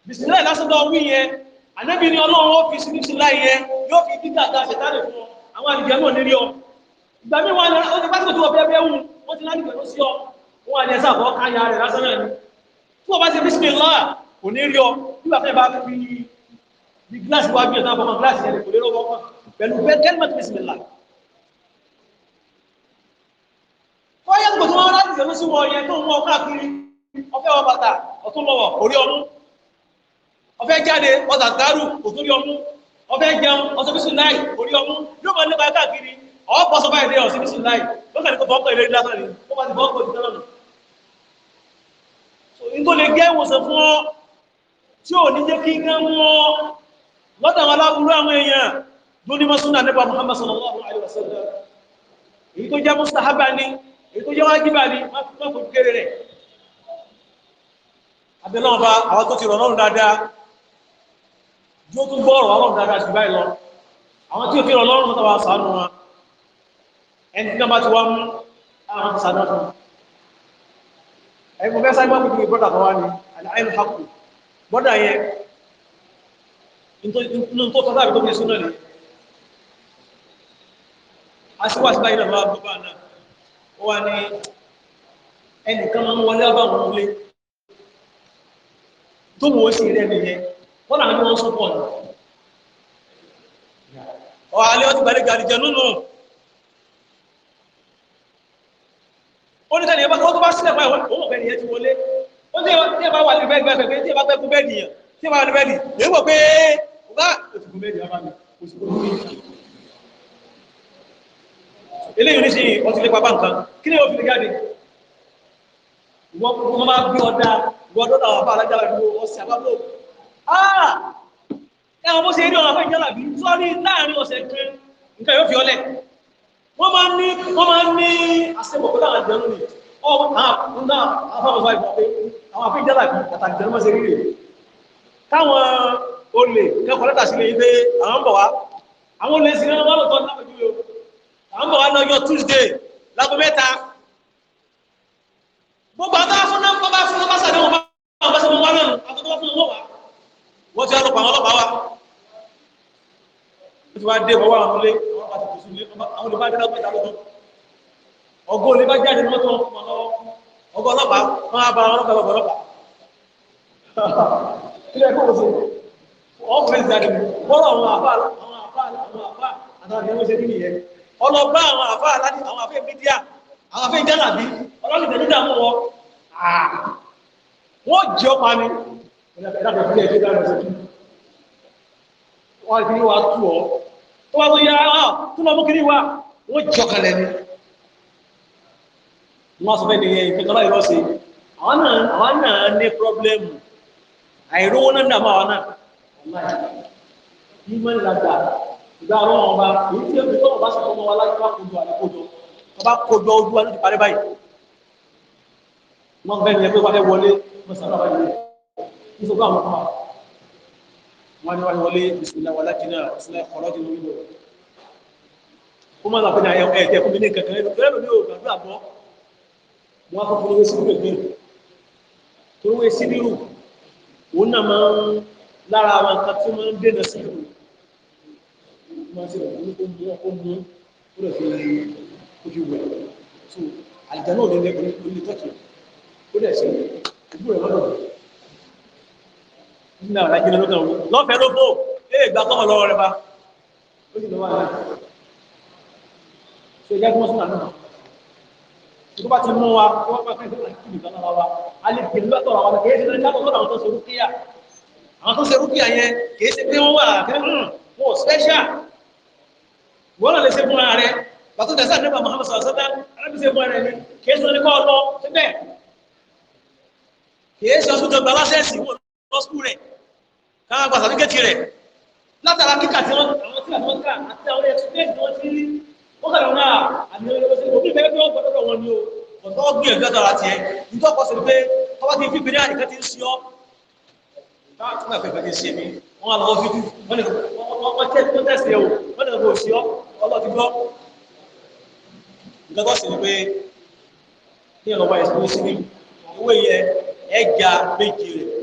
bisimilayi lásán tó wí yẹn ànábì ni ọlọ́run ó fi sinmi sinmi láì yẹn yóò fi dídà ga ṣètàlẹ̀ fún ọ àwọn àlùjẹ́ náà nílé ọ ìgbà mi wọn ó ti pásítọ̀ tó wọ bẹ́ẹ̀ bẹ́ẹ̀ wù wọ́n ti láti pẹ̀lú sí ọ wọn àlẹ́ sàbọ̀ káyà rẹ̀ lásán náà ni tí wọ́n bá ṣe bisimilayi kò ní rí ọ nígbà fẹ́ bá fi bí gíláàsì wá bí ọ̀tá àbọ̀mọ̀ gíláàsì yẹn kò lè lọ́wọ́ kan pẹ̀lú bẹ́ẹ̀ kẹ́lmẹ̀tì bisimilayi. fọ́yẹ́ gbogbo wọn láti yẹnu sí wọn yẹn tó ń wọ káàkiri ọfẹ́ wọn bàtà ọ̀tún lọ́wọ́ orí ọdún ọfẹ́ jáde ọ̀sà gáàrù òtórí ọmú ọfẹ́ jẹun ọsọfíṣù láì orí ọmú yóò máa nípa káàkiri ọ̀pọ̀ sọ báyìí dé ọsọfíṣù láì lọ́kàn ní kò bọ́ọ̀kọ̀ ìlérí lásán ni ó bá ti bọ́ọ̀kọ̀ ìdí lọ́nà. n tó lè jẹ́ ìwòsàn fún ọ tí ò ní jẹ́ kí n kán mọ́ lọ́dọ̀ àwọn aláburú àwọn èèyàn lóní mọ́súnà nípa Muhammad sallallahu alaihi wasallam èyí tó jẹ́ mustahaba ni èyí tó jẹ́ wájibà ni má fojú kéré rẹ̀ abẹ́lẹ́ wọn bá àwọn tó ti rọ̀ lọ́rùn dáadáa mo tún gbọ́ ọ̀rọ̀ ọlọ́run dáadáa jù báyìí lọ àwọn tí ó kéré ọlọ́run mọ́ta wa sàánú wa ẹni tí nàbà ti wá mú àwọn ti sàánú fún ẹgbẹ́ sáré máa kúkú bọ́dà kan wá ní àìlú hapù bọ́dà yẹn inú tó tọ́ta àbí tó fi sínú ẹ̀ aṣíwáṣí báyìí náà máa bọ́ bá náà ó wá ní ẹnìkan máa ń wọlé ọba àwọn ilé tó wọ́n sì rẹ̀ nìyẹn wọ́n náà ní wọ́n sọ pọ̀ ní. ọ̀hálẹ́ ọtí gbàlejò àdìjẹ nínú. ó ní sẹ́ni ẹ bá tó bá sílẹ̀ báyìí wọ́n mọ̀ bẹ́ẹ̀ nìyẹn ti wọlé ó ní tí ẹ bá wà níbẹ̀ gbẹ́gbẹ́ pé tí ẹ bá gbẹ́kú bẹ́ẹ̀ nìyẹn tí ẹ bá wà níbẹ̀ nì yẹn mọ̀ pé ọba òsìkò méjì ọba mi òsìkò méjì. eléyìí ní sìn ọtí lè papá nǹkan kí ni òfin jáde wọ́n máa gbé ọ̀dà wọ́n dọ́dà wà fún alájà ẹ̀wọ̀n bó ṣe rí ọ̀rọ̀ fún ìjọba bí sọ́rí láàrin ọ̀sẹ̀ kan nǹkan yóò fi ọlẹ̀ wọ́n máa ń ní wọ́n máa ń ní àṣepọ̀ pẹ̀lú àwọn àjẹmú ni àwọn afọ́nàfọ́ ìfọ̀ pé àwọn afọ́ ìjọba bí àtàkì jẹun máa ṣe rí rè káwọn olè kẹ́kọ̀ọ́ lẹ́tà sílẹ̀ yìí pé àwọn ń bọ̀ wá àwọn olè sì rán wọn lọ́tọ́ lápẹjú o àwọn ń bọ̀ Tuesday lágbo mẹ́ta gbogbo àwọn tó bá fún náà bá fún náà bá sàdéhùn fún wọn wọ́n ti rárò pa àwọn ọlọ́pàá wa wọ́n ti wá dé wọ́n wá àwọn ilé wọ́n bá ti kò sí ilé àwọn olè bá dé lápẹ́ ìdálógún ọgọ́ olè bá jáde ní mọ́tò wọn fún wọn lọ́wọ́ ọgọ́ ọlọ́pàá wọn á ba àwọn ọlọ́pàá bọ̀ ọlọ́pàá ilé ẹ̀kọ́ òsè wọ́n fún ẹ̀sìn àdìmú bọ́lá àwọn àfà àwọn àfà àwọn àfà àtàwọn ìyẹn wọ́n ṣe nínú ìyẹn ọlọ́pàá àwọn àfà aládì àwọn àfẹ́ mídíà àwọn àfẹ́ ìjálàbí ọlọ́lùdẹ̀ nídàmú ni ìdájọ́ ìdílé ẹjọ́ ìdájọ́ ìdílé wọn kì í wá tú ọ tó wá tó yá ọ tó lọ mú kiri wá wọn jọ kalẹ̀ ni wọn sọ fẹ́ nìyẹn ìkẹkọ̀ọ́ ìrọ̀ sí àwọn náà àwọn náà ní pírọ́blẹ́mù àìrówó náà dàmú àwọn náà ìmọ̀ ìlàjà ìgbà àwọn ọba èyí tí èmi tó ọba sọ̀tọ̀ wọn láti wá kojú àdékòjọ ojú wa ló ti parí báyìí wọn fẹ́ nìyẹn pé wọlé wọn sàrọ̀ báyìí nítorí àwọn ọmọ wọn ni wọ́n wọlé bisimilá wà láti náà bisimilá kọ̀ọ̀lọ́ ti lórí lọ kó má lọ́pẹ́ náà ẹ̀ tẹ́ fún mi ní kankan nínú bẹ́ẹ̀ lórí òògùn àdúrà bọ́ wọn á fọ́fọ́ lówó síbírù ẹ̀gbẹ́ tó wé síbírù òun náà máa ń lára àwọn nǹkan tí wọ́n ń dènà síbírù máa ṣe ìrọ̀lú ó mú ó mú ó lè fi ojú wẹ̀ tó àìjẹ́ náà ní ilé nínú àwọn alájẹ́ lọ́kàn wò lọ́fẹ̀ẹ́ ló bò é ìgbà tọ́mọ lọ́wọ́ rẹ bá ó sì lọ́wọ́ àná ṣe ìyá tí wọ́n sún àná tó bá ti mú wa tó bá fẹ́ tó láti kìlì kanáà wa a lè gbèrú lọ́tọ̀ àwọn ọmọ kìí ṣe lórí káàkó kìí ṣe pé wọ́n wà hmm, wọn ò special wọ́n náà lè ṣe fúnra rẹ bàtú dẹ̀ sáà nípa Muhammad sallallahu alaihi wasallam alábi ṣe fúnra rẹ ni kìí ṣe lórí kọ́ ọ síbẹ̀ lọ sùkúù rẹ̀ káwọn gba sàdúkẹ́tì rẹ̀ látara kíkà tí wọ́n àwọn tí àwọn ká àti àwọn ẹ̀sùn tí wọ́n ti rí wọ́n kàdà wọn àmì ọlọ́sẹ̀ òbí bẹ́ẹ̀ bí wọ́n gbọ́dọ̀ wọn ni o ọ̀tọ́ gbìyànjú látara tiẹ̀ nítorí ọkọ̀ sọ̀rọ̀ pé ọba ti fi gbèrè àdìkẹ́ ti ń sí ọ́ báwọn tí wọ́n fẹ́ fẹ́ ti ṣe mí wọ́n á lọ́wọ́ fídíò wọ́n lè wọ́n tẹ́ tó tẹ̀sí ẹ̀ o wọ́n lè wọ́n sí ọ́ ọlọ́ ti gbọ́. ìgbàgbọ́ sì ni pé ní ọ̀nà ọba ìṣòro sí ni owó yẹ ẹja méje rẹ̀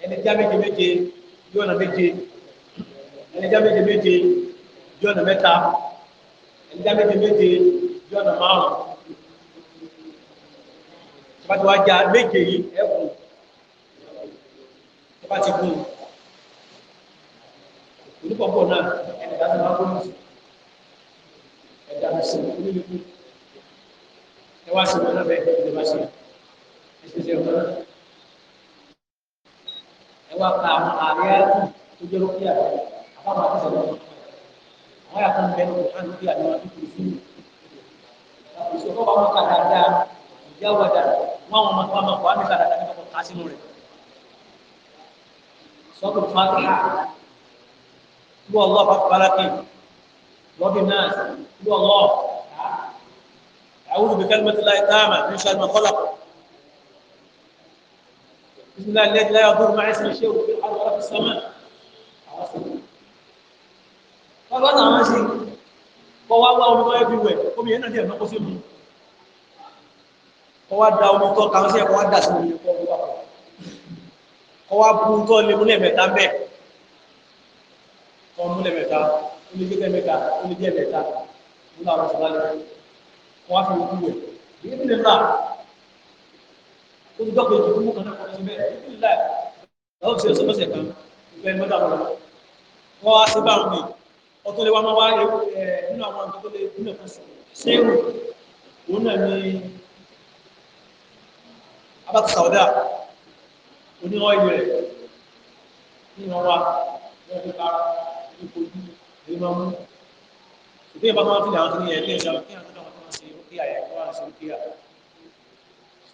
ẹni já méje méje yóò ọ̀nà méje ẹni já méje méje yóò ọ̀nà mẹ́ta ẹni já méje méje yóò ọ̀nà márùn tí wọ́n já méje yìí ẹ̀kún tí wọ́n ti kún onípọ̀pọ̀ náà ẹni dá sí máa ń gbóyún sí ẹ̀dá sí onílùkù ẹ wá sí wọn náà bẹ́ẹ̀ ẹ̀ bá ṣe ẹ̀ ṣe ṣe ọ̀gá náà wá ka àwọn ààrẹ tó jẹ́ lókè àgbẹ̀ àbámu àti sọ̀rọ̀ àwọn yàtọ̀ ń bẹ́ẹ̀ lókè àti lókè àgbẹ̀ wọn tó kiri sínú. àkùsọ̀ kọ́ wọn kà dáadáa ìjà wà dáa wọn àwọn ọmọ ọmọ kọ́ àmì kà dáadáa nípa kọ́ kásínú rẹ̀. sọ́tò fàtà lú ọlọ́ bàbárakì lọ́bì náà lú ọlọ́ àwọn olùgbé kálímẹ́tì láì táàmà ní sàlùmọ́ kọ́lápọ̀. بسم الله الذي لا يضر مع اسمه شيء في الارض ولا في السماء wọ́n lọ́nà àwọn sí kọwàá wá omi tọ́ everywhere omi yẹn náà dẹ̀ mọ́kọ́ sí omi kọwàá da omi tọ́ kàwọn sí ẹ̀kọ́ wá dà bu tọ́ ó ti gbọ́pọ̀ ìdìbò mú kan náà kọ́ sí bẹ́ẹ̀ nítorí láì lọ́wọ́ sí ọ̀sẹ̀ mọ́sẹ̀ kan ìgbẹ́ mọ́tà wọn wọ́n wá sí báwọn mi ọtún lè wá máa wá nínú àwọn nǹkan tó lè nínú ẹ̀kọ́ sí sẹ́rù òun náà ní abáta sàwọ́dà oní ọ́ ìlú rẹ̀ ní wọn wá wọn máa mú ìgbéyàwó máa fi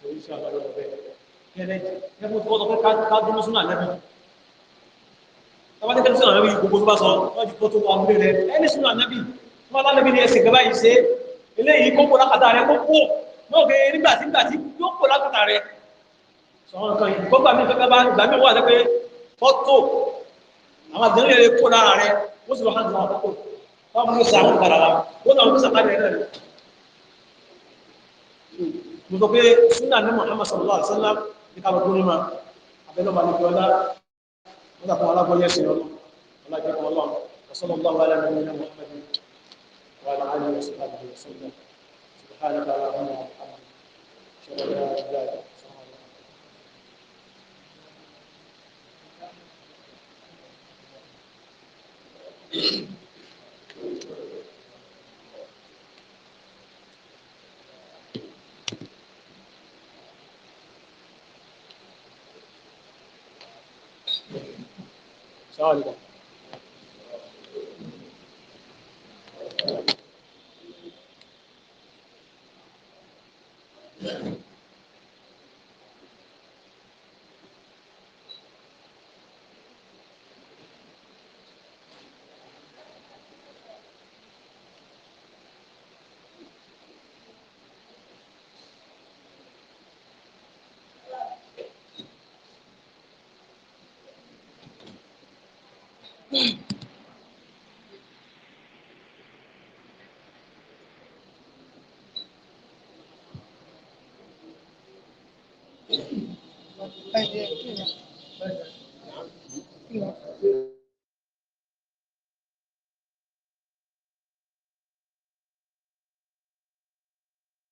ṣe ń ṣe àgbàdo ọ̀bẹ kẹlẹ́jì ẹkùn tó tọ́ pé ká dúró sínú ànábì tọ́wọ́ tẹ́kẹ́ sínú ànábì gbogbo tó bá sọ wọ́n ti kó tó wà múlẹ̀ ẹni sínú ànábì wọ́n alálẹ́bí ni ẹsẹ̀ gaba yìí ṣe eléyìí kó kó lákàtà rẹ kó kó mọ́ọ̀kẹ́ nígbàtí nígbàtí yóò kó lákàtà rẹ sọ̀rọ̀ nǹkan yìí gbọ́gbà mi fẹ́ bá ìgbà mi wà lẹ́pẹ́ fọ́tò àwọn àdéhùn yẹn kó lára mo sọ pé sunna ní muhammad sallallahu alaihi wasallam ní ká lọ tó ní ma abẹ́lẹ́ ọba ní kí ọlá wọ́n dàpọ̀ alábọ́yé ṣe Thank you. 나가니까. 아, 哎，谢谢。